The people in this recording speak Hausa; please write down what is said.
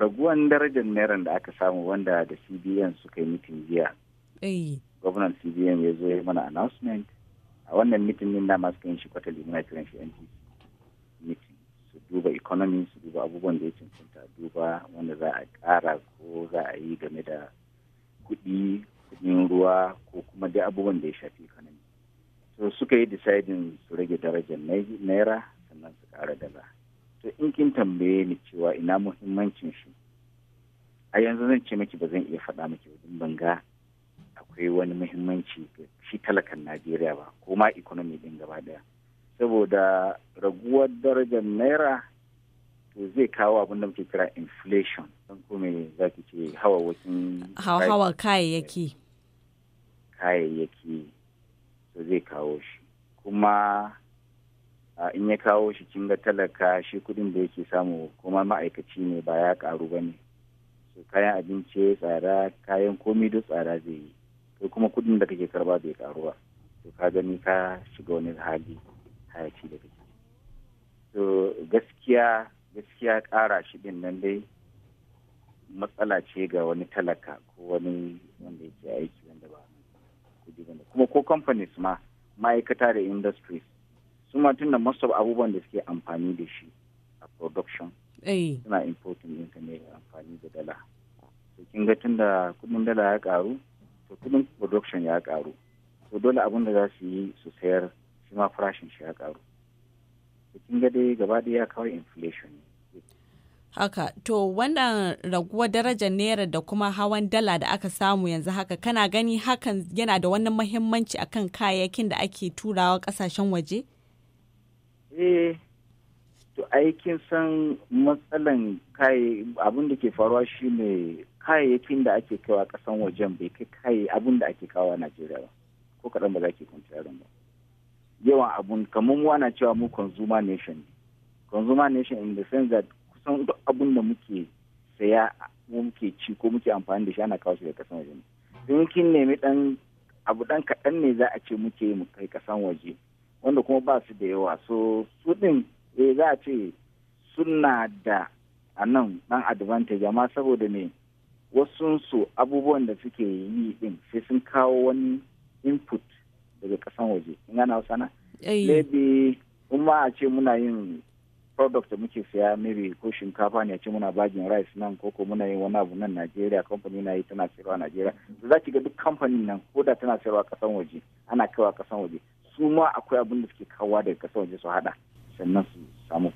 raguwan darajar naira da aka samu wanda da cbn suka yi mitin jiya eh. gwamnan cbn ya zo ya mana announcement a wannan mitin din dama suka yin shi kwatali muna kiran shi ntc mitin su duba economy su duba abubuwan da ya cancanta duba wanda za a kara ko za a yi game da kudi kudin ruwa ko kuma dai abubuwan da ya shafi economy so suka yi deciding su rage darajar naira sannan su ƙara dala to in kin tambaye ni cewa ina muhimmancin shi a yanzu zan ce miki ba zan iya faɗa miki wajen banga akwai wani muhimmanci ga shi talakan najeriya ba ko ma economy din gaba daya saboda raguwar darajar naira to zai kawo abin da muke kira inflation don kome za ki ce hawawakin hawa kayayyaki kayayyaki to zai kawo shi kuma Ah, in ya kawo shi kin ga talaka shi kudin da yake samu kuma ma'aikaci ne ba ya karu ba ne so kayan abinci tsara kayan komi duk tsara zai yi kai kuma kudin da kake karba bai karu ba to ka gani ka shiga wani hali hayaci da kake to gaskiya gaskiya kara shi din nan dai matsala ce ga wani talaka ko wani wanda yake aiki wanda ba kuma ko companies ma ma'aikata da industries su tun da most of abubuwan da suke amfani da shi a production suna importing ɗinka ne amfani da dala to kin ga da kudin dala ya karu to kudin production ya karu to dole abin da za su yi su sayar shi ma farashin shi ya karu to kin ga dai gaba ya kawo inflation haka to wannan raguwar darajar naira da kuma hawan dala da aka samu yanzu haka kana gani hakan yana da wannan mahimmanci akan kayayyakin da ake turawa kasashen waje? je to aikin san matsalan abin da ke faruwa shi ne kayayyakin da ake kaiwa kasan wajen bai kai kai abin da ake kawo Najeriya ba ko kaɗan ba za ki kwanci yaron ba yawan abun kamar mu ana cewa mu consumer nation ne consumer nation in the sense that kusan duk abun da muke saya muke ci ko muke amfani da shi ana kawo shi daga kasan waje ne don kin nemi dan abu dan kaɗan ne za a ce muke mu kai kasan waje wanda kuma ba su da yawa so su din eh za a ce suna da anan nan ɗan advantage amma saboda me wasunsu abubuwan da suke yi din sai sun kawo wani input daga kasan waje in gana wasa na eh. maybe in ma a ce muna yin product da muke saya maybe ko shinkafa ne a ce muna bagin rice nan ko ko muna yin wani abu nan Najeriya company na yi tana sayarwa Najeriya za ki ga duk kamfanin nan ko da tana sayarwa kasan waje ana kaiwa kasan waje su ma akwai abin da suke kawo daga kasa waje su hada sannan su samu